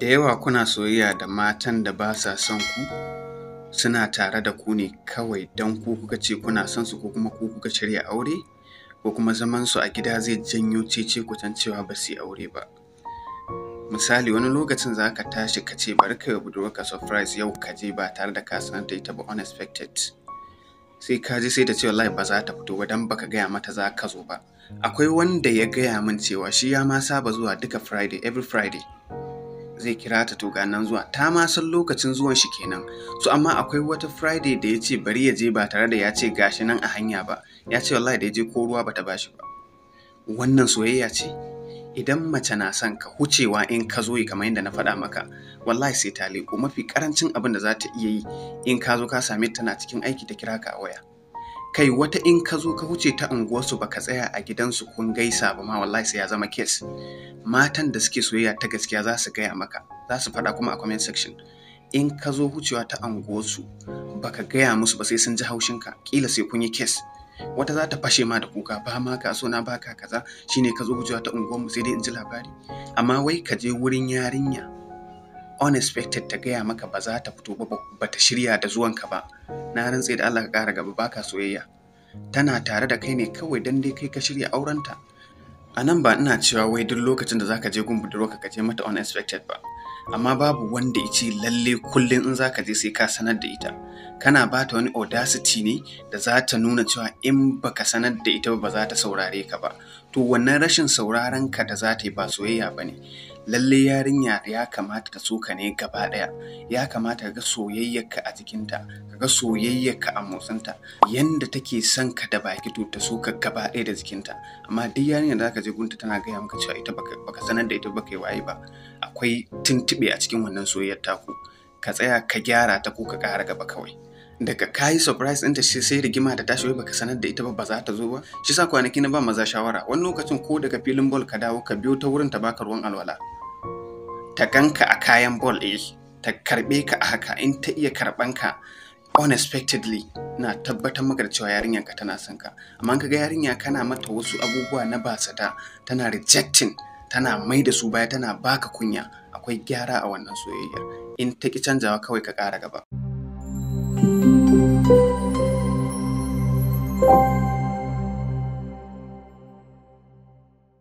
Da yawa kuna soyayya da matan da ba sa son ku suna tare da ku ne kawai don ku kuka ce kuna son su ko kuma ku kuka shirya aure ko kuma zaman su a gida zai janyo cece kutan cewa ba su aure ba. Misali wani lokacin za ka tashi ka ce bari ka yi budurwarka surprise yau ka je ba tare da ka sanar da ita ba unexpected. sai ka ji sai da cewa wallahi ba za ta fito ba dan baka gaya mata za ka zo ba akwai wanda ya gaya min cewa shi ya ma saba zuwa duka friday every friday zai kira ta to nan zuwa ta ma san lokacin zuwan shi kenan su amma akwai wata friday da ya ce bari ya je ba tare da ya ce gashi nan a hanya ba ya ce wallahi da ya je ko ruwa bata bashi ba wannan soyayya ce idan mace na son ka hucewa in ka zo kamar yadda na faɗa maka wallahi sai ta leko mafi karancin abin da za ta iya yi in ka zo ka same tana cikin aiki ta kira ka a waya kai wata in ka zo ka wuce ta unguwarsu baka tsaya a gidansu kun gaisa ba ma wallahi sai ya zama kes matan da suke soyayya ta gaskiya za su gaya maka za su faɗa kuma a comment section in ka zo wucewa ta unguwarsu baka gaya musu ba sai sun ji haushinka kila sai kun yi kes wata za ta fashe ma da kuka ba ma ka so na baka kaza shine ka zo wucewa ta unguwarmu sai dai in ji labari amma wai ka je wurin yarinya unexpected ta gaya maka ba za ta fito ba ta shirya da zuwanka ba na rantse da Allah ka ƙara gaba baka soyayya tana tare da kai ne kawai dan dai kai ka shirya aurenta a nan ba ina cewa wai duk lokacin da zaka je gun roka ka je mata unexpected ba amma babu wanda ya ce lalle kullum in zaka je sai ka sanar da ita kana ba ta wani audacity ne da za ta nuna cewa in baka sanar da ita ba za ta saurare ka ba to wannan rashin sauraron ka da za ta yi ba soyayya ba ne Lallai yarinya ya kamata ta so ka ne gaba ɗaya ya kamata ka ga soyayyarka a jikinta ka ga soyayyarka a motsinta yanda take son ka da baki to ta so ka gaba ɗaya da jikinta amma duk yarinya da zaka je gunta tana gaya maka cewa ita baka sanar da ita baka yi waye ba akwai tuntuɓe a cikin wannan soyayyar taku ka tsaya ka gyara ta ko ka ƙara gaba kawai daga kayi surprise ɗinta shi sai rigima da tashi ba baka sanar da ita ba ba za ta zo ba shi sa kwanaki na ba maza shawara wani lokacin ko daga filin bol ka dawo ka biyo ta wurin ta baka ruwan alwala ta ganka a kayan ball eh ta karɓe ka a haka in ta iya karɓan ka unexpectedly na tabbatar maka da cewa yarinyar ka tana son ka amma kaga yarinya kana mata wasu abubuwa na basata tana rejecting tana mai da su baya tana baka kunya akwai gyara a wannan soyayyar in ta ki canjawa kawai ka ƙara gaba.